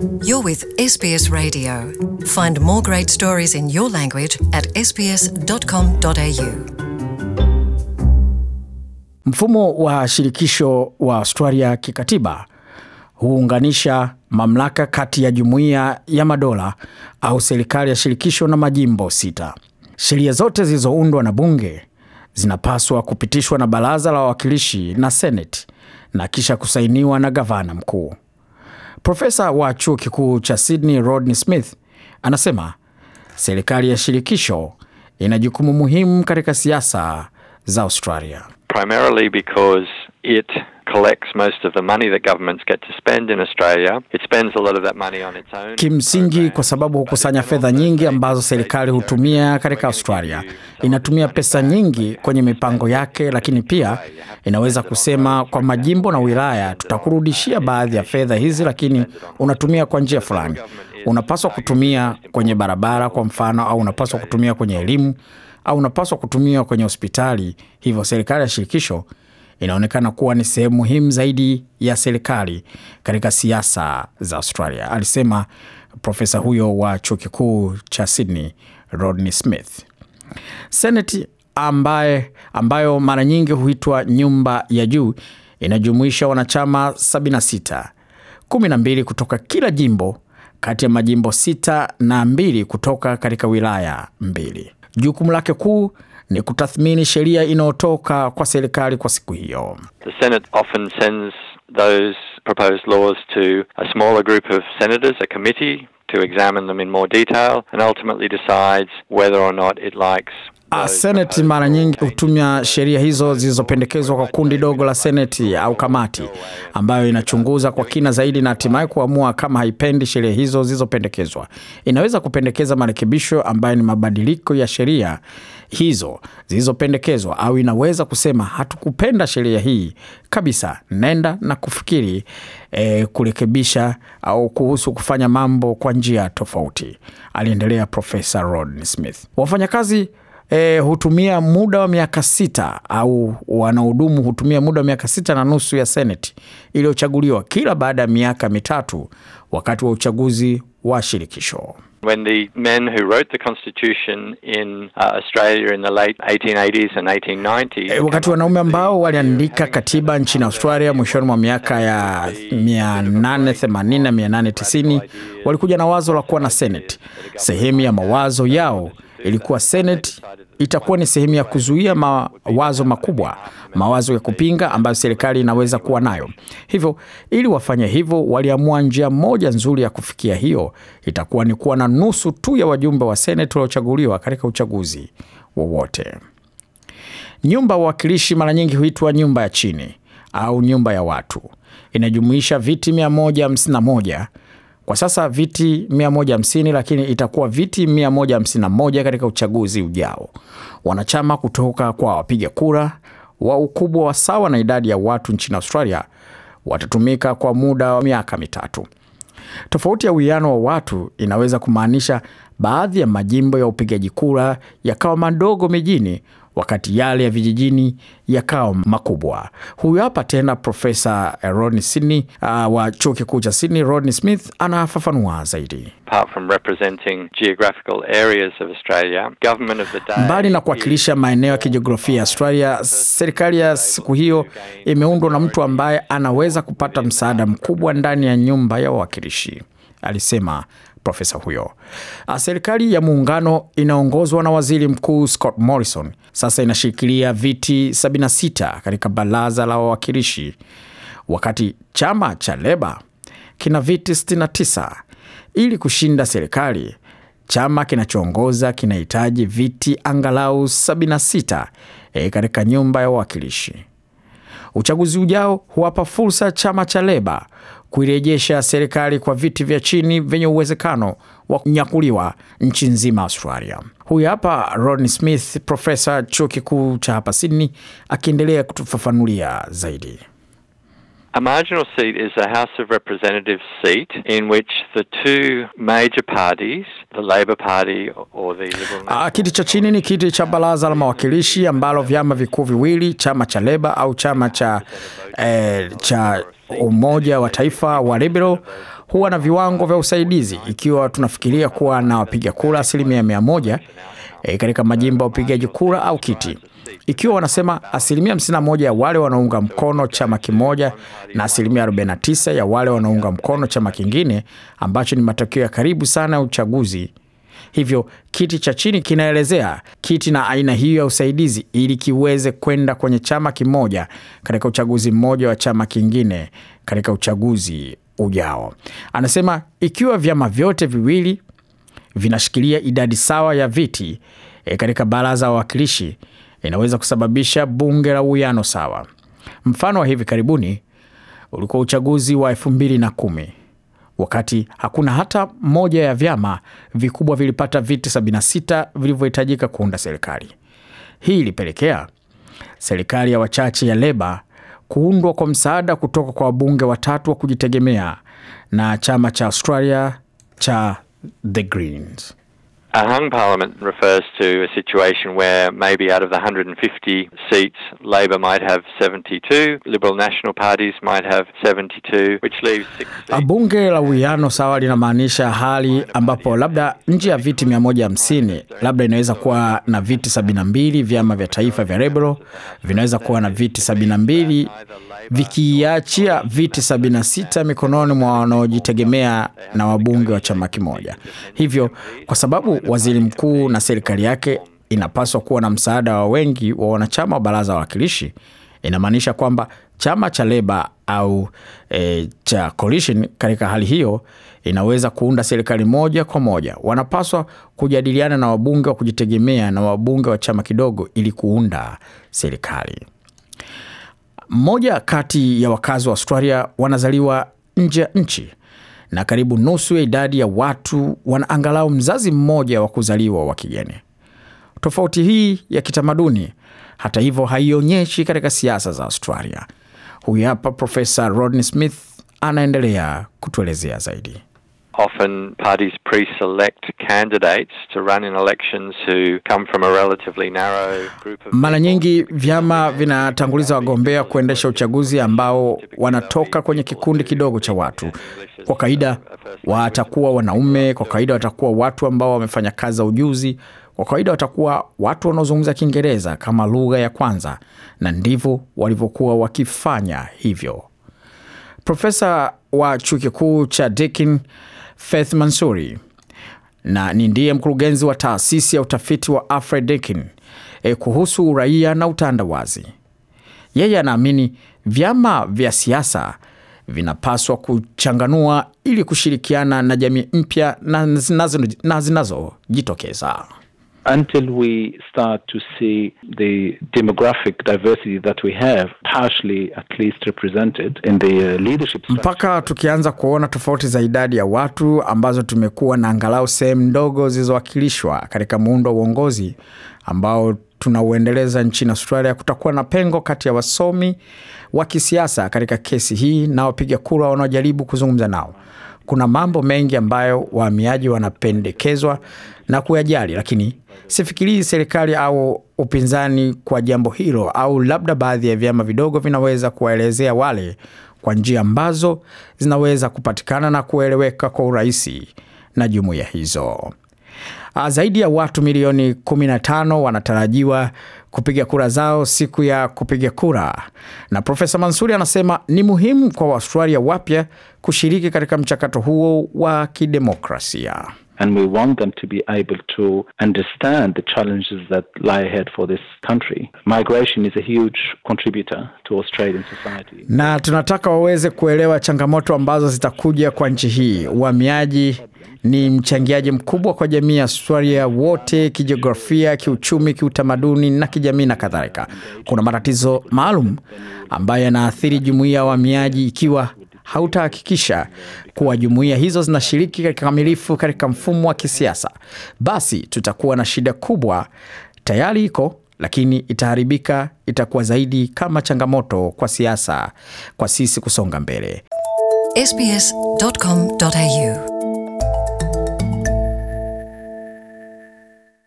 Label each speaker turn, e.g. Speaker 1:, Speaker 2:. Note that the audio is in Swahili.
Speaker 1: You're with SBS Radio. Find more great stories in your language at sbs.com.au.
Speaker 2: Mfumo wa shirikisho wa Australia kikatiba huunganisha mamlaka kati ya jumuiya ya madola au serikali ya shirikisho na majimbo sita. Sheria zote zilizoundwa na bunge zinapaswa kupitishwa na baraza la wawakilishi na seneti na kisha kusainiwa na gavana mkuu. Profesa wa chuo kikuu cha Sydney Rodney Smith anasema serikali ya shirikisho ina jukumu muhimu katika siasa za Australia.
Speaker 1: Primarily because it
Speaker 2: Kimsingi, kwa sababu hukusanya fedha nyingi ambazo serikali hutumia katika Australia, inatumia pesa nyingi kwenye mipango yake, lakini pia inaweza kusema kwa majimbo na wilaya, tutakurudishia baadhi ya fedha hizi, lakini unatumia kwa njia fulani. Unapaswa kutumia kwenye barabara kwa mfano, au unapaswa kutumia kwenye elimu, au unapaswa kutumia kwenye hospitali. Hivyo serikali ya shirikisho inaonekana kuwa ni sehemu muhimu zaidi ya serikali katika siasa za Australia, alisema profesa huyo wa chuo kikuu cha Sydney Rodney Smith. Seneti ambaye, ambayo mara nyingi huitwa nyumba ya juu inajumuisha wanachama 76, 12 kutoka kila jimbo kati ya majimbo sita na mbili kutoka katika wilaya mbili. Jukumu lake kuu ni kutathmini sheria inayotoka kwa serikali kwa siku
Speaker 1: hiyo. The Senate often sends those proposed laws to a smaller group of senators, a committee to examine them in more detail and ultimately decides whether or not it likes
Speaker 2: Seneti mara nyingi hutumia sheria hizo zilizopendekezwa kwa kundi dogo la seneti au kamati ambayo inachunguza kwa kina zaidi na hatimaye kuamua kama haipendi sheria hizo zilizopendekezwa. Inaweza kupendekeza marekebisho ambayo ni mabadiliko ya sheria hizo zilizopendekezwa, au inaweza kusema hatukupenda sheria hii kabisa, nenda na kufikiri e, kurekebisha au kuhusu kufanya mambo kwa njia tofauti, aliendelea Profesa Rodney Smith. Wafanyakazi e, hutumia muda wa miaka sita au wanahudumu hutumia muda wa miaka sita na nusu ya seneti iliyochaguliwa kila baada ya miaka mitatu wakati wa uchaguzi wa shirikisho.
Speaker 1: When the men who wrote the constitution in uh, Australia in the late 1880s and 1890s. E, wakati wanaume
Speaker 2: ambao waliandika katiba nchini Australia mwishoni mwa miaka ya 1880 na walikuja na wazo la kuwa na seneti. Sehemu ya mawazo yao ilikuwa Senate itakuwa ni sehemu ya kuzuia mawazo makubwa, mawazo ya kupinga ambayo serikali inaweza kuwa nayo. Hivyo ili wafanye hivyo, waliamua njia moja nzuri ya kufikia hiyo itakuwa ni kuwa na nusu tu ya wajumbe wa Senate waliochaguliwa katika uchaguzi wowote. Nyumba ya wawakilishi mara nyingi huitwa nyumba ya chini au nyumba ya watu, inajumuisha viti 151 kwa sasa viti 150 lakini itakuwa viti 151 katika uchaguzi ujao. Wanachama kutoka kwa wapiga kura wa ukubwa wa sawa na idadi ya watu nchini Australia watatumika kwa muda wa miaka mitatu. Tofauti ya uwiano wa watu inaweza kumaanisha baadhi ya majimbo ya upigaji kura yakawa madogo mijini wakati yale ya vijijini yakawa makubwa. Huyu hapa tena Profesa Ron Sidney uh, wa chuo kikuu cha Sydney, Ron Smith anafafanua zaidi. Mbali na kuwakilisha maeneo ya kijiografia ya Australia, serikali ya siku hiyo imeundwa na mtu ambaye anaweza kupata msaada mkubwa ndani ya nyumba ya wawakilishi, alisema profesa huyo. Ah, serikali ya muungano inaongozwa na waziri mkuu Scott Morrison sasa inashikilia viti 76 katika baraza la wawakilishi, wakati chama cha Leba kina viti 69. Ili kushinda serikali, chama kinachoongoza kinahitaji viti angalau 76 e eh, katika nyumba ya wawakilishi. Uchaguzi ujao huwapa fursa chama cha Leba kuirejesha serikali kwa viti vya chini vyenye uwezekano wa kunyakuliwa nchi nzima Australia. Huyu hapa Ron Smith, profesa chuo kikuu cha hapa Sydney, akiendelea kutufafanulia zaidi.
Speaker 1: A marginal seat is a House of Representatives seat in which the two major parties, the Labour Party or the Liberal National... Ah,
Speaker 2: kiti cha chini ni kiti cha baraza la mawakilishi ambalo vyama vikuu viwili, chama cha Leba au chama cha, eh, cha Umoja wa Taifa wa Liberal huwa na viwango vya usaidizi. Ikiwa tunafikiria kuwa na wapiga kura asilimia mia moja e, katika majimbo ya upigaji kura au kiti ikiwa wanasema asilimia 51 ya wale wanaunga mkono chama kimoja na asilimia 49 ya wale wanaunga mkono chama kingine, ambacho ni matokeo ya karibu sana ya uchaguzi. Hivyo kiti cha chini kinaelezea kiti na aina hiyo ya usaidizi ili kiweze kwenda kwenye chama kimoja katika uchaguzi mmoja wa chama kingine katika uchaguzi ujao. Anasema ikiwa vyama vyote viwili vinashikilia idadi sawa ya viti e, katika baraza la wawakilishi inaweza kusababisha bunge la uwiano sawa. Mfano wa hivi karibuni ulikuwa uchaguzi wa elfu mbili na kumi wakati hakuna hata moja ya vyama vikubwa vilipata viti 76 vilivyohitajika kuunda serikali. Hii ilipelekea serikali ya wachache ya Leba kuundwa kwa msaada kutoka kwa wabunge watatu wa kujitegemea na chama cha Australia cha The Greens.
Speaker 1: A hung parliament refers to a situation where maybe out of the 150 seats, Labor might have 72, Liberal National Parties might have 72, which leaves 60.
Speaker 2: seats. Bunge la uwiano sawa linamaanisha hali ambapo labda nje ya viti 150 labda inaweza kuwa na viti 72 vyama vya taifa vya Liberal vinaweza kuwa na viti 72 vikiachia viti 76 mikononi mwa wanaojitegemea na wabunge wa chama kimoja. Hivyo kwa sababu waziri mkuu na serikali yake inapaswa kuwa na msaada wa wengi wa wanachama wa baraza wawakilishi. Inamaanisha kwamba chama cha Leba au e, cha Coalition katika hali hiyo inaweza kuunda serikali moja kwa moja. Wanapaswa kujadiliana na wabunge wa kujitegemea na wabunge wa chama kidogo ili kuunda serikali. Mmoja kati ya wakazi wa Australia wanazaliwa nje ya nchi na karibu nusu ya idadi ya watu wana angalau mzazi mmoja wa kuzaliwa wa kigeni. Tofauti hii ya kitamaduni, hata hivyo, haionyeshi katika siasa za Australia. Huyu hapa Profesa Rodney Smith anaendelea kutuelezea zaidi.
Speaker 1: Often parties pre select candidates to run in elections who come from a relatively narrow group of.
Speaker 2: Mara nyingi vyama vinatanguliza wagombea kuendesha uchaguzi ambao wanatoka kwenye kikundi kidogo cha watu. Kwa kawaida watakuwa wanaume, kwa kawaida watakuwa watu ambao wamefanya kazi za ujuzi, kwa kawaida watakuwa watu wanaozungumza Kiingereza kama lugha ya kwanza, na ndivyo walivyokuwa wakifanya hivyo profesa wa chuo kikuu cha Deakin Faith Mansuri na ni ndiye mkurugenzi wa taasisi ya utafiti wa Alfred Deakin e, kuhusu uraia na utandawazi. Yeye anaamini vyama vya siasa vinapaswa kuchanganua ili kushirikiana na jamii mpya na zinazojitokeza
Speaker 1: until we start to see the demographic diversity that we have
Speaker 2: partially at least represented in the uh, leadership structure. Mpaka tukianza kuona tofauti za idadi ya watu ambazo tumekuwa na angalau sehemu ndogo zilizowakilishwa katika muundo wa uongozi ambao tunauendeleza nchini Australia, kutakuwa na pengo kati ya wasomi wa kisiasa katika kesi hii na wapiga kura wanaojaribu kuzungumza nao. Kuna mambo mengi ambayo wahamiaji wanapendekezwa na kuyajali, lakini sifikirii serikali au upinzani kwa jambo hilo, au labda baadhi ya vyama vidogo vinaweza kuwaelezea wale kwa njia ambazo zinaweza kupatikana na kueleweka kwa urahisi na jumuiya hizo. Ah, zaidi ya watu milioni 15 wanatarajiwa kupiga kura zao siku ya kupiga kura, na Profesa Mansuri anasema ni muhimu kwa waustralia wapya kushiriki katika mchakato huo wa kidemokrasia and we want them to be able to understand the
Speaker 1: challenges that lie ahead for this country. Migration is a huge contributor to Australian society.
Speaker 2: Na tunataka waweze kuelewa changamoto ambazo zitakuja kwa nchi hii. Uhamiaji ni mchangiaji mkubwa kwa jamii ya Australia wote, kijiografia, kiuchumi, kiutamaduni na kijamii na kadhalika. Kuna matatizo maalum ambayo yanaathiri jumuiya ya wahamiaji ikiwa hautahakikisha kuwa jumuiya hizo zinashiriki kikamilifu katika mfumo wa kisiasa, basi tutakuwa na shida kubwa. Tayari iko lakini itaharibika, itakuwa zaidi kama changamoto kwa siasa kwa sisi kusonga mbele.
Speaker 1: SBS.com.au